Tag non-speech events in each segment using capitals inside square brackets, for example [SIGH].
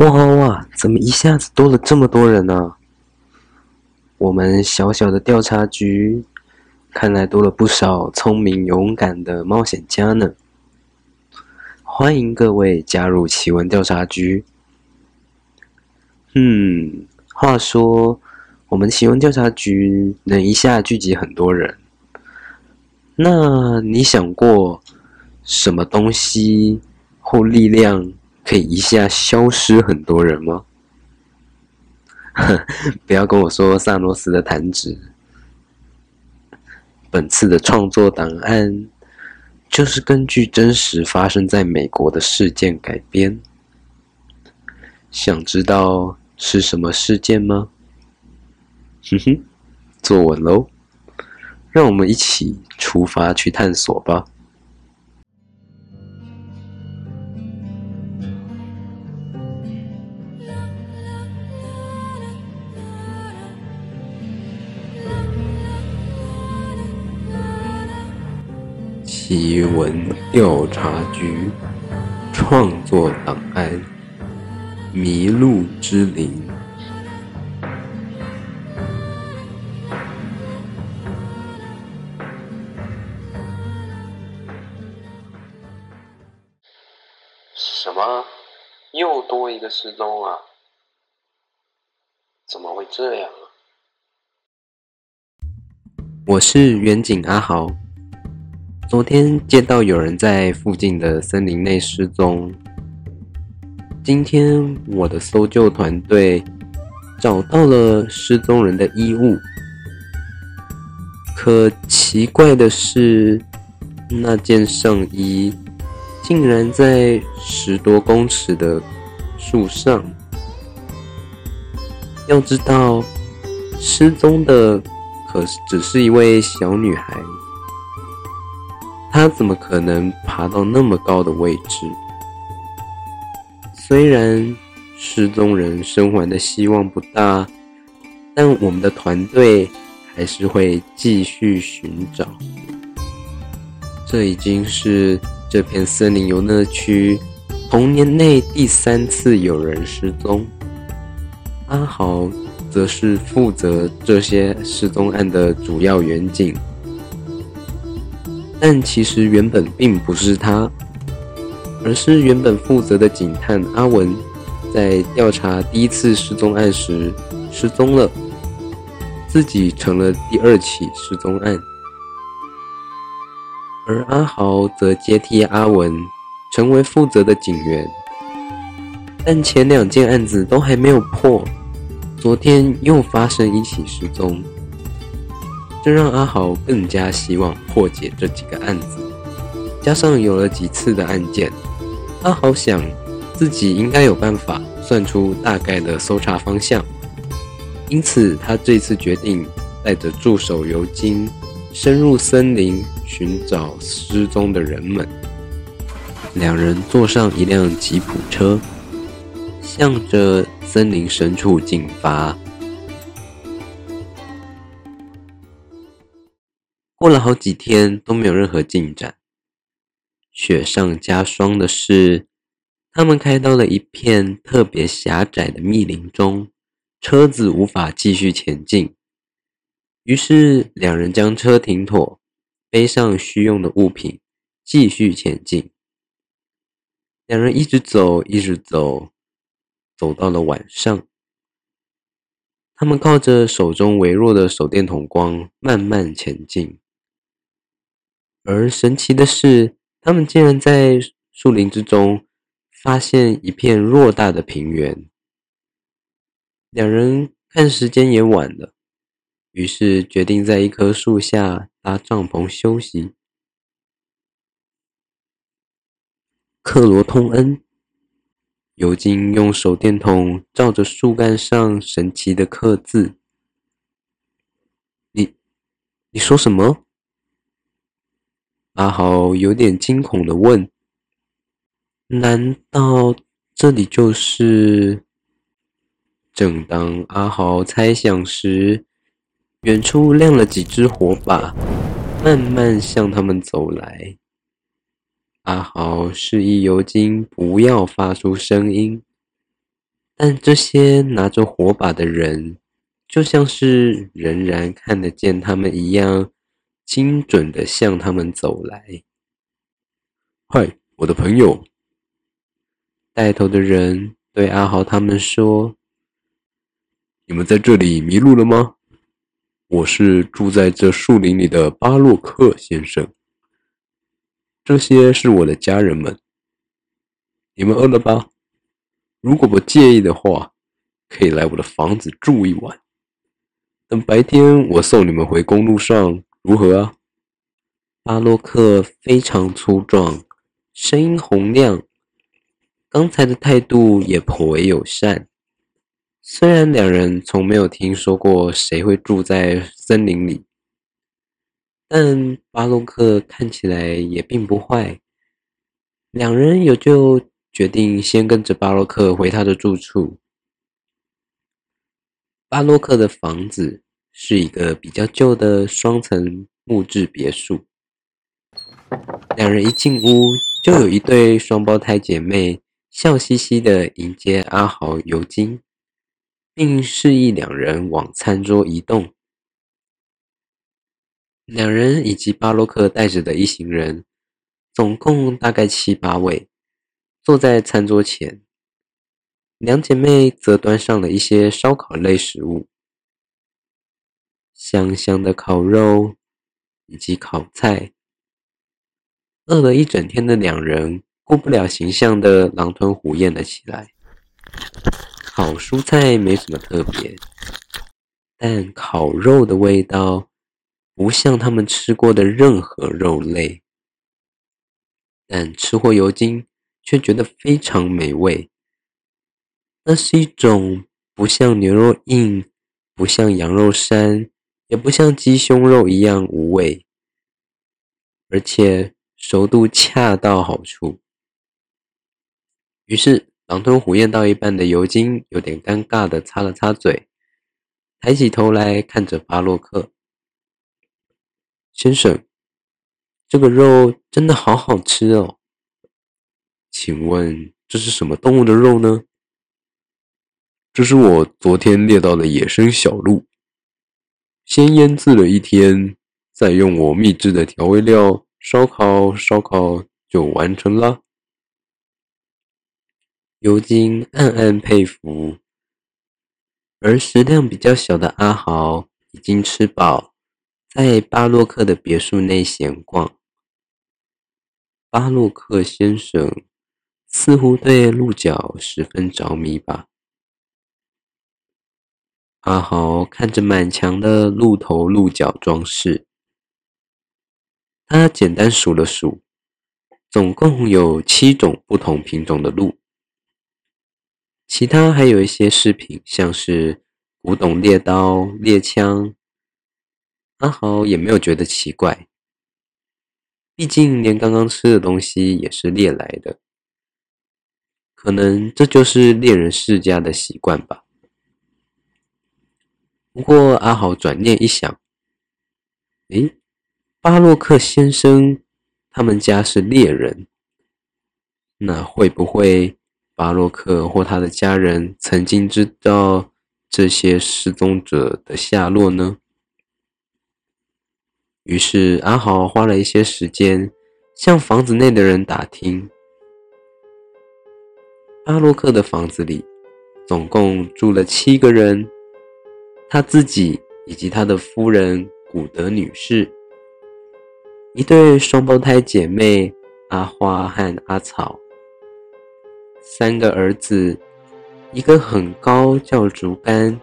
哇哇！怎麼一下子多了這麼多人呢，啊？我們小小的調查局，看來多了不少聰明勇敢的冒險家呢。歡迎各位加入奇聞調查局。嗯，話說我們奇聞調查局能一下聚集很多人，那你想過什麼東西或力量？可以一下消失很多人嗎？ [LAUGHS] 不要跟我說薩諾斯的彈指。本次的創作檔案就是根據真實發生在美國的事件改編。想知道是什麼事件嗎？哼哼，坐穩嘍，讓我們一起出發去探索吧。奇聞調查局，創作檔案，迷鹿之林，什麼？又多一個失蹤啊？怎麼會這樣啊？我是遠景阿豪。昨天見到有人在附近的森林內失蹤。今天我的搜救團隊找到了失蹤人的衣物，可奇怪的是，那件上衣竟然在十多公尺的樹上。要知道，失蹤的可只是一位小女孩。他怎麼可能爬到那麼高的位置？雖然失蹤人生還的希望不大，但我們的團隊還是會繼續尋找。這已經是這片森林遊樂區同年內第三次有人失蹤。阿豪則是負責這些失蹤案的主要員警。但其實原本並不是他，而是原本負責的警探阿文在調查第一次失蹤案時失蹤了，自己成了第二起失蹤案。而阿豪則接替阿文成為負責的警員，但前兩件案子都還沒有破，昨天又發生一起失蹤。這讓阿豪更加希望破解這幾個案子，加上有了幾次的案件，阿豪想自己應該有辦法算出大概的搜查方向，因此他這次決定帶着助手尤金深入森林尋找失蹤的人們。兩人坐上一輛吉普車，向着森林深處進發。過了好幾天都沒有任何進展。雪上加霜的是，他們開到了一片特別狹窄的密林中，車子無法繼續前進。於是兩人將車停妥，背上需用的物品，繼續前進。兩人一直走，一直走，走到了晚上。他們靠着手中微弱的手電筒光，慢慢前進。而神奇的是，他們竟然在樹林之中發現一片偌大的平原。兩人看時間也晚了，於是決定在一棵樹下搭帳篷休息。克羅通恩，尤金用手電筒照着樹幹上神奇的刻字：“你，你說什麼？”阿豪有點驚恐地問：“難道這裡就是？”正當阿豪猜想時，遠處亮了幾隻火把，慢慢向他們走來。阿豪示意尤金不要發出聲音，但這些拿着火把的人，就像是仍然看得見他們一樣。精準的向他們走來。嗨，我的朋友！帶頭的人對阿豪他們說：“你們在這裡迷路了嗎？我是住在這樹林裡的巴洛克先生。這些是我的家人們。你們餓了吧？如果不介意的話，可以來我的房子住一晚。等白天，我送你們回公路上。”如何？巴洛克非常粗壯，聲音洪亮，剛才的態度也頗為友善。雖然兩人從沒有聽說過誰會住在森林裡，但巴洛克看起來也並不壞。兩人也就決定先跟着巴洛克回他的住處。巴洛克的房子，是一個比較舊的雙層木質別墅。兩人一進屋，就有一對雙胞胎姐妹笑嘻嘻地迎接阿豪、尤金，並示意兩人往餐桌移動。兩人以及巴洛克帶着的一行人，總共大概七八位，坐在餐桌前。兩姐妹則端上了一些燒烤類食物。香香的烤肉以及烤菜，餓了一整天的兩人顧不了形象的狼吞虎咽了起來。烤蔬菜沒什麼特別，但烤肉的味道不像他們吃過的任何肉類，但吃貨尤金卻覺得非常美味。那是一種不像牛肉硬，不像羊肉膻。也不像雞胸肉一樣無味，而且熟度恰到好處。於是，狼吞虎嚥到一半的尤金有點尷尬地擦了擦嘴，抬起頭來看着巴洛克先生：“這個肉真的好好吃哦，請問這是什麼動物的肉呢？”“這是我昨天獵到的野生小鹿。”先醃製了一天，再用我秘製的調味料燒烤，燒烤就完成了。尤金暗暗佩服，而食量比較小的阿豪已經吃飽，在巴洛克的別墅內閒逛。巴洛克先生似乎對鹿角十分着迷吧。阿豪看着滿牆的鹿頭、鹿角裝飾，他簡單數了數，總共有七種不同品種的鹿。其他還有一些飾品，像是古董獵刀、獵槍。阿豪也沒有覺得奇怪，畢竟連剛剛吃的東西也是獵來的，可能這就是獵人世家的習慣吧。不過，阿豪轉念一想：“誒，巴洛克先生他們家是獵人，那會不會巴洛克或他的家人曾經知道這些失蹤者的下落呢？”於是，阿豪花了一些時間向房子內的人打聽。巴洛克的房子裡總共住了七個人。他自己以及他的夫人古德女士，一對雙胞胎姐妹阿花和阿草，三個兒子，一個很高叫竹竿，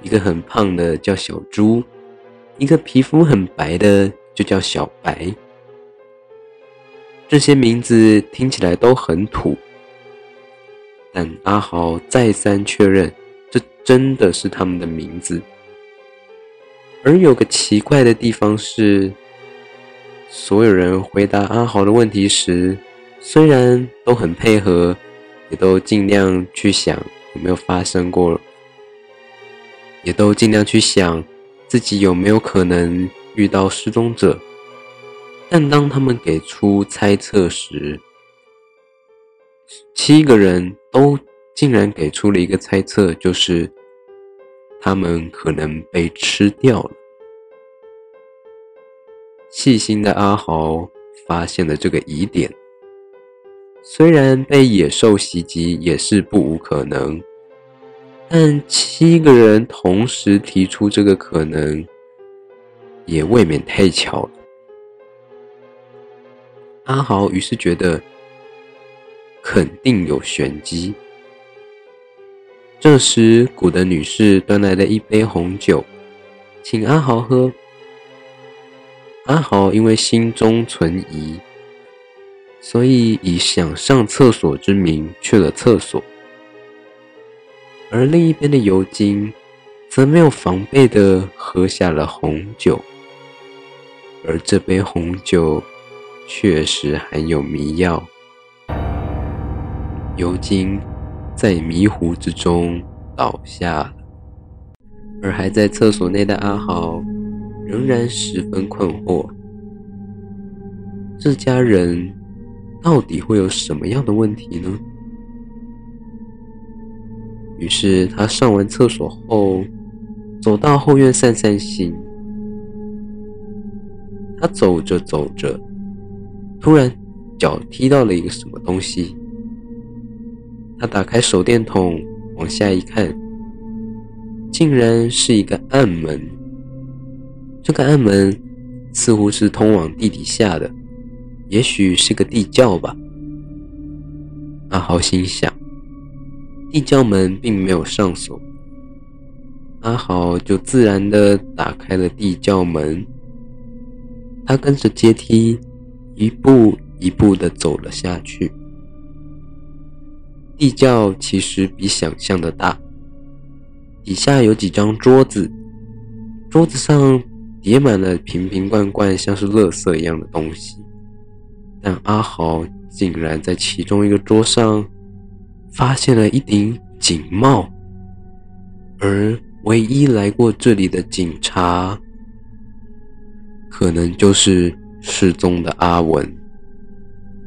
一個很胖的叫小豬，一個皮膚很白的就叫小白。這些名字聽起來都很土，但阿豪再三確認。這真的是他們的名字。而有個奇怪的地方是，所有人回答阿豪的問題時，雖然都很配合，也都盡量去想有沒有發生過了，也都盡量去想自己有沒有可能遇到失蹤者，但當他們給出猜測時，七個人都，竟然給出了一個猜測，就是他們可能被吃掉了。細心的阿豪發現了這個疑點，雖然被野獸襲擊也是不無可能，但七個人同時提出這個可能，也未免太巧了。阿豪於是覺得肯定有玄機。這時，古德女士端來了一杯紅酒，請阿豪喝。阿豪因為心中存疑，所以以想上廁所之名去了廁所。而另一邊的尤金，則沒有防備地喝下了紅酒。而這杯紅酒確實含有迷藥。尤金。在迷糊之中倒下了，而還在廁所內的阿豪仍然十分困惑：這家人到底會有什麼樣的問題呢？於是他上完廁所後，走到後院散散心。他走着走着，突然腳踢到了一個什麼東西。他打開手電筒，往下一看，竟然是一個暗門。這個暗門似乎是通往地底下的，也許是個地窖吧。阿豪心想，地窖門並沒有上鎖，阿豪就自然地打開了地窖門。他跟着階梯一步一步地走了下去。地窖其實比想象的大，底下有幾張桌子，桌子上疊滿了瓶瓶罐罐，像是垃圾一樣的東西。但阿豪竟然在其中一個桌上發現了一頂警帽，而唯一來過這裡的警察，可能就是失蹤的阿文。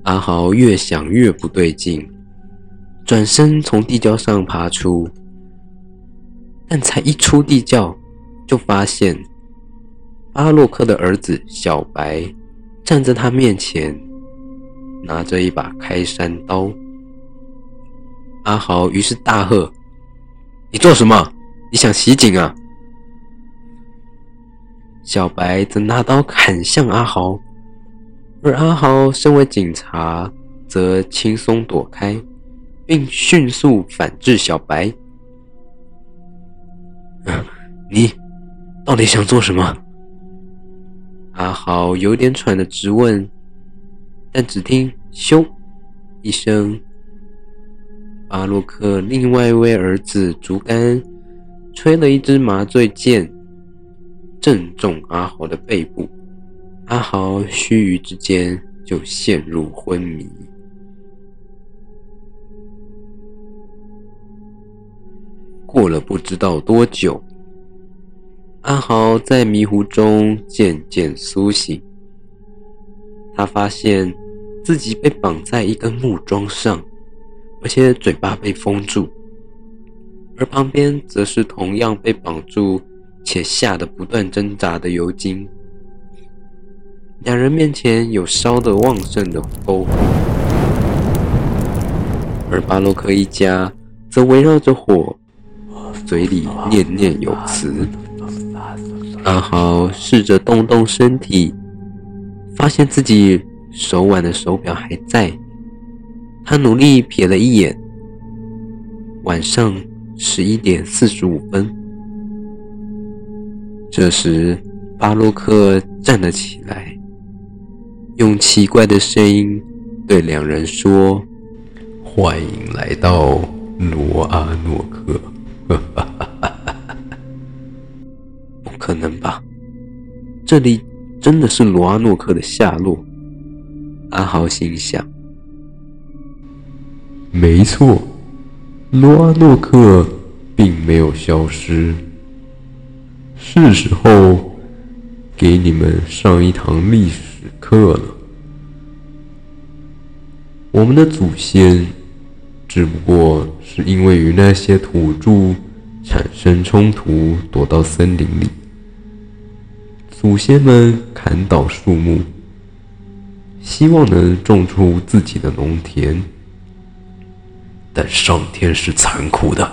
阿豪越想越不對勁。轉身從地窖上爬出，但才一出地窖，就發現阿洛克的兒子小白站在他面前，拿着一把開山刀。阿豪於是大喝：“你做什麼？你想襲警啊？”小白則拿刀砍向阿豪，而阿豪身為警察則輕鬆躲開。並迅速反制小白。啊、你到底想做什麼？阿豪有點喘的質問，但只聽“咻”一聲，巴洛克另外一位兒子竹竿吹了一支麻醉箭，正中阿豪的背部，阿豪須臾之間就陷入昏迷。過了不知道多久，阿豪在迷糊中漸漸甦醒。他發現自己被綁在一根木樁上，而且嘴巴被封住，而旁邊則是同樣被綁住且嚇得不斷掙扎的尤金。兩人面前有燒得旺盛的篝火，而巴洛克一家則圍繞着火。嘴裡念念有詞，阿豪試着動動身體發現自己手腕的手表還在。他努力瞥了一眼，晚上十一點四十五分。這時，巴洛克站了起來，用奇怪的聲音對兩人說：“歡迎來到羅阿諾克。” [LAUGHS] 不可能吧？這裡真的是羅阿諾克的下落，阿豪心想。沒錯，羅阿諾克並沒有消失。是時候給你們上一堂歷史課了。我們的祖先。只不過是因為與那些土著產生衝突，躲到森林裡。祖先們砍倒樹木，希望能種出自己的農田，但上天是殘酷的，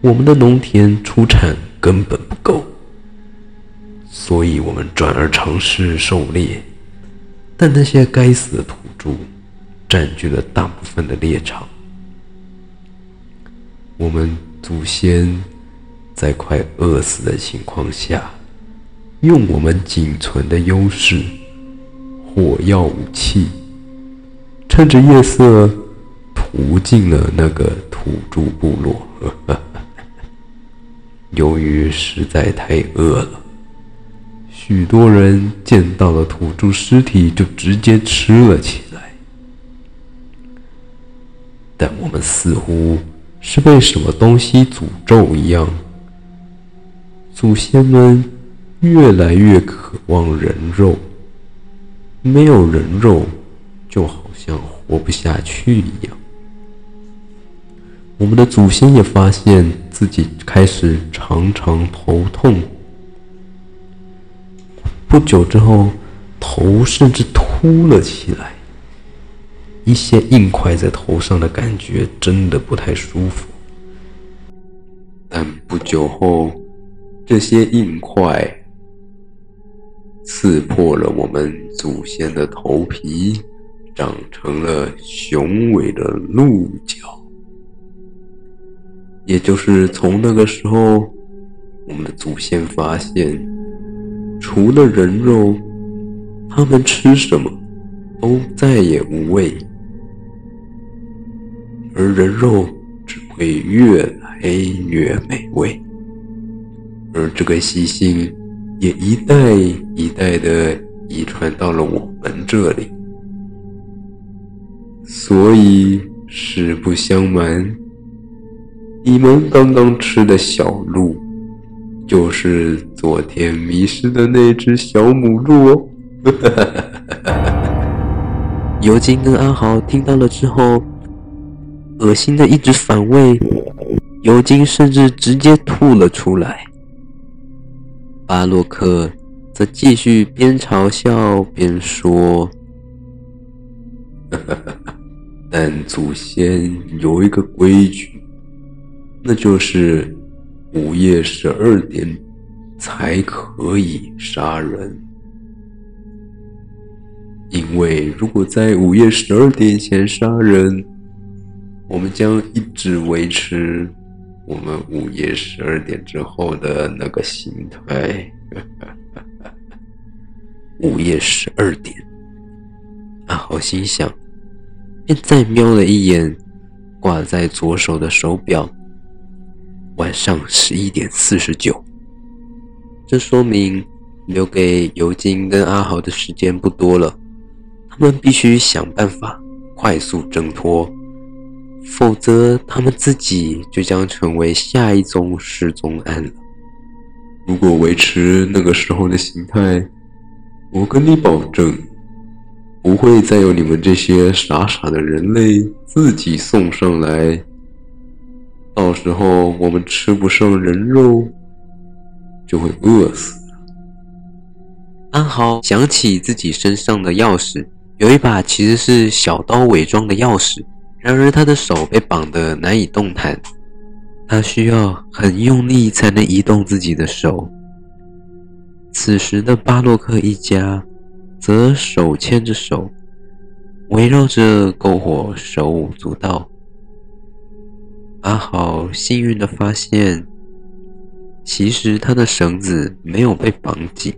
我們的農田出產根本不夠，所以我們轉而嘗試狩獵，但那些該死的土著佔據了大部分的獵場。我們祖先在快餓死的情況下，用我們僅存的優勢——火藥武器，趁着夜色屠盡了那個土著部落。 [LAUGHS] 由於實在太餓了，許多人見到了土著屍體就直接吃了起來。但我們似乎……是被什麼東西詛咒一樣，祖先們越來越渴望人肉，沒有人肉就好像活不下去一樣。我們的祖先也發現自己開始常常頭痛，不久之後頭甚至禿了起來。一些硬塊在頭上的感覺真的不太舒服，但不久後，這些硬塊刺破了我們祖先的頭皮，長成了雄偉的鹿角。也就是從那個時候，我們的祖先發現，除了人肉，他們吃什麼都再也無味。而人肉只會越來越美味，而這個習性也一代一代的遺傳到了我們這裡。所以，實不相瞞，你們剛剛吃的小鹿，就是昨天迷失的那隻小母鹿哦。 [LAUGHS] 尤金跟阿豪聽到了之後，惡心的，一直反胃，尤金甚至直接吐了出來。巴洛克則繼續邊嘲笑邊說：“ [LAUGHS] 但祖先有一個規矩，那就是午夜十二點才可以殺人，因為如果在午夜十二點前殺人。”我們將一直維持我們午夜十二點之後的那個形態。午夜十二點，阿豪心想，便再瞄了一眼掛在左手的手錶，晚上十一點四十九。這說明留給尤金跟阿豪的時間不多了，他們必須想辦法快速掙脫。否則，他們自己就將成為下一宗失蹤案了。如果維持那個時候的心態，我跟你保證，不會再有你們這些傻傻的人類自己送上來。到時候我們吃不上人肉，就會餓死。安豪想起自己身上的鑰匙，有一把其實是小刀偽裝的鑰匙。然而，他的手被綁得難以動彈，他需要很用力才能移動自己的手。此時的巴洛克一家則手牽着手，圍繞着篝火手舞足蹈。阿豪幸運地發現，其實他的繩子沒有被綁緊，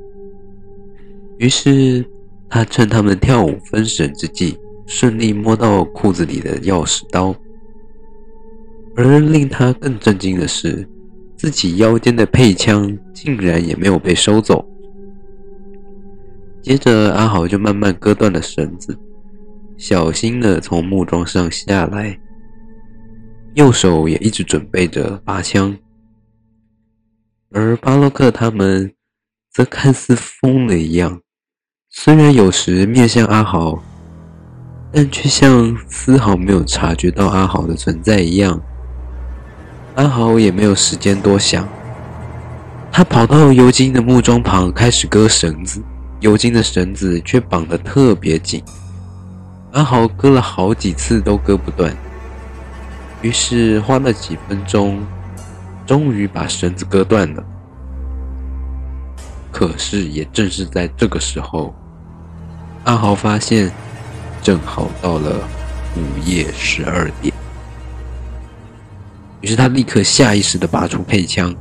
於是他趁他們跳舞分神之際。順利摸到褲子裡的鑰匙刀，而令他更震驚的是，自己腰間的配槍竟然也沒有被收走。接着，阿豪就慢慢割斷了繩子，小心的從木樁上下來，右手也一直準備着拔槍，而巴洛克他們則看似瘋了一樣，雖然有時面向阿豪。但卻像絲毫沒有察覺到阿豪的存在一樣，阿豪也沒有時間多想。他跑到尤金的木樁旁，開始割繩子。尤金的繩子卻綁得特別緊，阿豪割了好幾次都割不斷。於是花了幾分鐘，終於把繩子割斷了。可是也正是在這個時候，阿豪發現。正好到了午夜十二點，於是他立刻下意識的拔出配槍，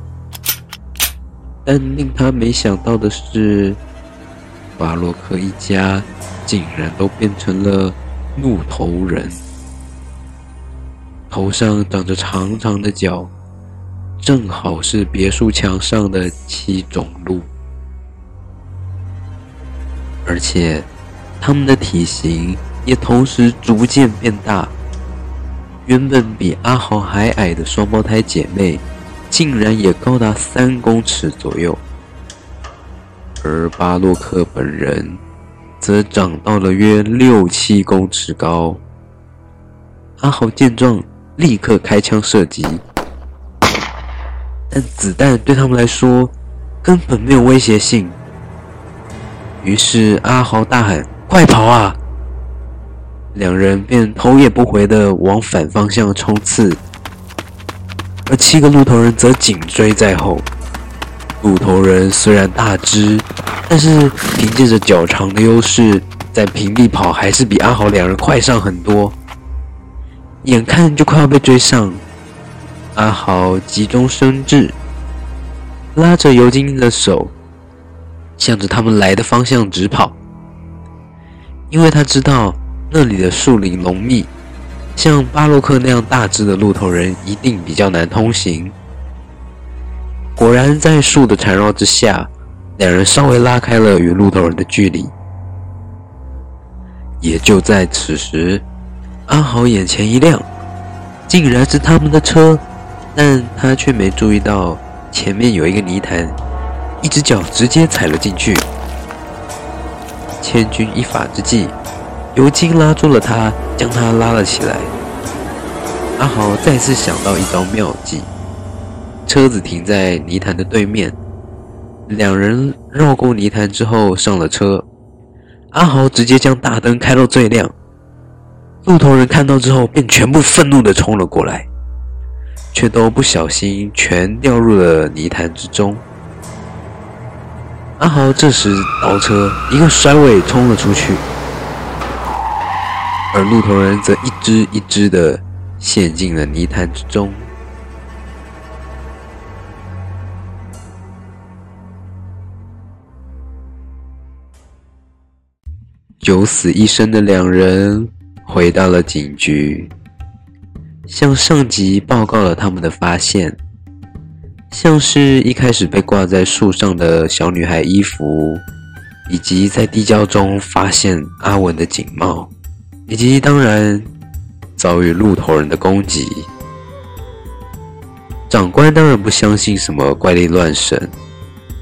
但令他沒想到的是，巴洛克一家竟然都變成了鹿頭人，頭上長着長長的角，正好是別墅牆上的七種鹿，而且他們的體型，也同時逐漸變大，原本比阿豪還矮的雙胞胎姐妹，竟然也高達三公尺左右，而巴洛克本人則長到了約六七公尺高。阿豪見狀，立刻開槍射擊，但子彈對他們來說根本沒有威脅性。於是阿豪大喊：“快跑啊！”兩人便頭也不回地往反方向衝刺，而七個鹿頭人則緊追在後。鹿頭人雖然大只，但是憑借着腳長的優勢，在平地跑還是比阿豪兩人快上很多。眼看就快要被追上，阿豪急中生智，拉着尤金的手，向着他們來的方向直跑，因為他知道。那裡的樹林濃密，像巴洛克那樣大只的鹿頭人一定比較難通行。果然，在樹的纏繞之下，兩人稍微拉開了與鹿頭人的距離。也就在此時，阿豪眼前一亮，竟然是他們的車，但他卻沒注意到前面有一個泥潭，一只腳直接踩了進去。千鈞一髮之際。尤金拉住了他，將他拉了起來。阿豪再次想到一招妙計，車子停在泥潭的對面，兩人繞過泥潭之後上了車。阿豪直接將大燈開到最亮，鹿頭人看到之後便全部憤怒地衝了過來，卻都不小心全掉入了泥潭之中。阿豪這時倒車，一個甩尾衝了出去。而鹿頭人則一隻一隻的陷進了泥潭之中。九死一生的兩人回到了警局，向上級報告了他們的發現，像是一開始被掛在樹上的小女孩衣服，以及在地窖中發現阿文的警帽。以及當然遭遇鹿頭人的攻擊，長官當然不相信什麼怪力亂神，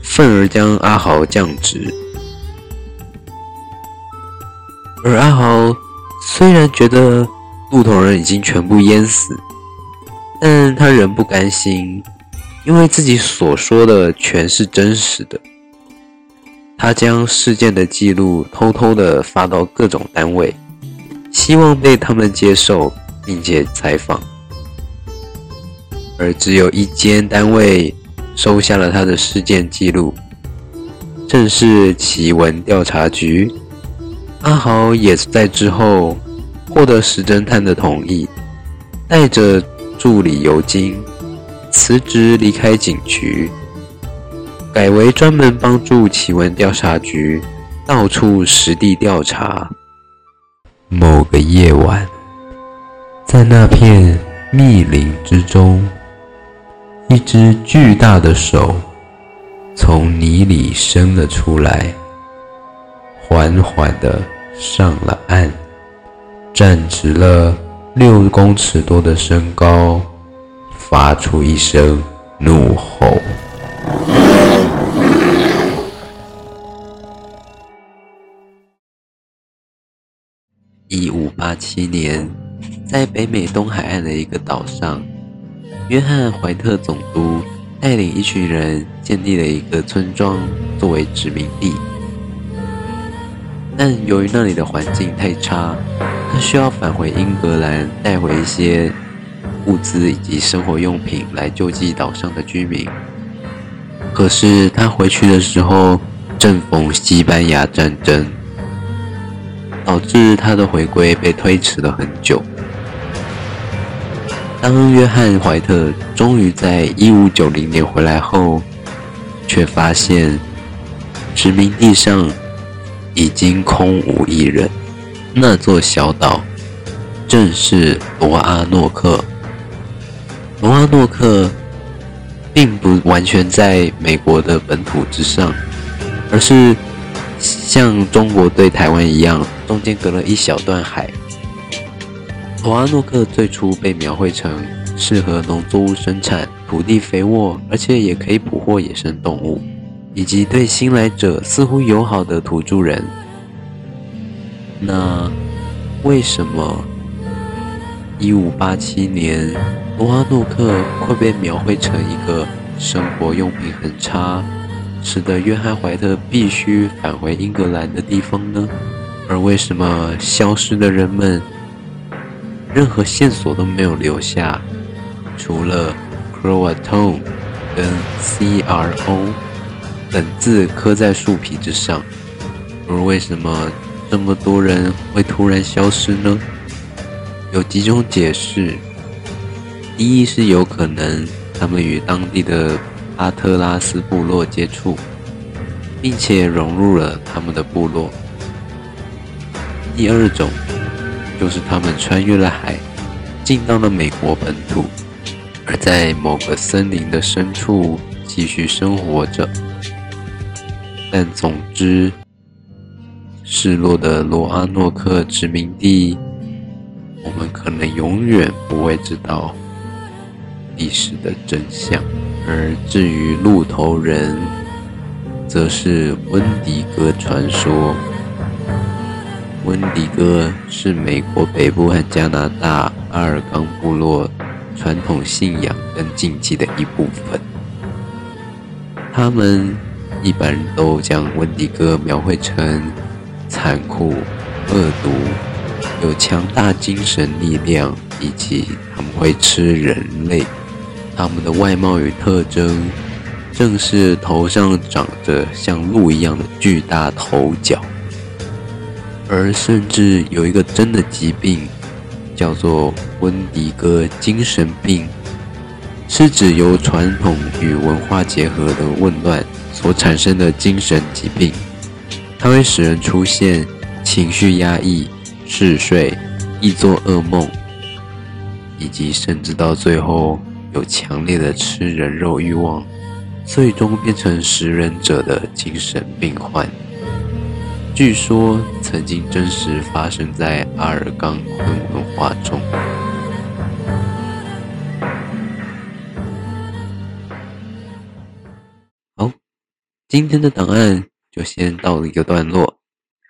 憤而將阿豪降職。而阿豪雖然覺得鹿頭人已經全部淹死，但他仍不甘心，因為自己所說的全是真實的。他將事件的記錄偷偷的發到各種單位。希望被他們接受，並且採訪，而只有一間單位收下了他的事件記錄，正是奇聞調查局。阿豪也在之後獲得史偵探的同意，帶着助理尤金辭職離開警局，改為專門幫助奇聞調查局到處實地調查。某個夜晚，在那片密林之中，一隻巨大的手從泥裡伸了出來，緩緩地上了岸，站直了六公尺多的身高，發出一聲怒吼。一五八七年，在北美東海岸的一個島上，約翰·懷特總督帶領一群人建立了一個村莊作為殖民地。但由於那裡的環境太差，他需要返回英格蘭帶回一些物資以及生活用品來救濟島上的居民。可是他回去的時候，正逢西班牙戰爭。導致他的回歸被推遲了很久。當約翰·懷特終於在1590年回來後，卻發現殖民地上已經空無一人。那座小島正是羅阿諾克。羅阿諾克並不完全在美國的本土之上，而是。像中國對臺灣一樣，中間隔了一小段海。羅阿諾克最初被描繪成適合農作物生產、土地肥沃，而且也可以捕獲野生動物，以及對新來者似乎友好的土著人。那為什麼一五八七年羅阿諾克會被描繪成一個生活用品很差？使得約翰·懷特必須返回英格蘭的地方呢？而為什麼消失的人們任何線索都沒有留下，除了 Croatone 跟 Cro 本字刻在樹皮之上，而為什麼這麼多人會突然消失呢？有幾種解釋，第一是有可能他們與當地的阿特拉斯部落接觸，並且融入了他們的部落。第二種，就是他們穿越了海，進到了美國本土，而在某個森林的深處繼續生活着。但總之，失落的羅阿諾克殖民地，我們可能永遠不會知道歷史的真相。而至於鹿頭人，則是溫迪哥傳說。溫迪哥是美國北部和加拿大阿爾岡部落傳統信仰跟禁忌的一部分。他們一般都將溫迪哥描繪成殘酷、惡毒、有強大精神力量，以及他們會吃人類。他們的外貌與特徵，正是頭上長着像鹿一樣的巨大頭角，而甚至有一個真的疾病，叫做溫迪哥精神病，是指由傳統與文化結合的混亂所產生的精神疾病，它會使人出現情緒壓抑、嗜睡、易做噩夢，以及甚至到最後。有強烈的吃人肉慾望，最終變成食人者的精神病患。據說曾經真實發生在阿爾岡昆文化中。好，今天的檔案就先到了一個段落，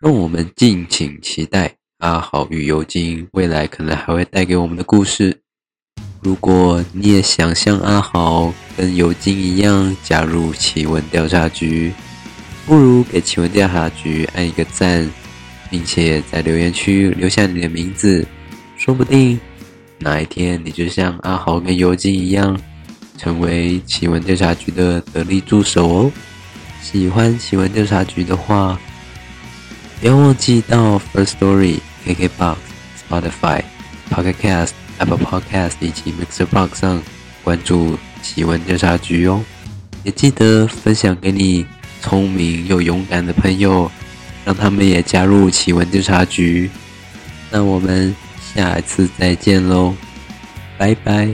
讓我們敬請期待阿豪與尤金未來可能還會帶給我們的故事。如果你也想像阿豪跟尤金一樣加入奇聞調查局，不如給奇聞調查局按一個贊，並且在留言區留下你的名字，說不定哪一天你就像阿豪跟尤金一樣，成為奇聞調查局的得力助手哦。喜歡奇聞調查局的話，別忘記到 First Story、KKBox、Spotify、Podcast。Apple Podcast 以及 Mixer box 上關注奇聞調查局喲、哦，也記得分享給你聰明又勇敢的朋友，讓他們也加入奇聞調查局。那我們下一次再見嘍，拜拜。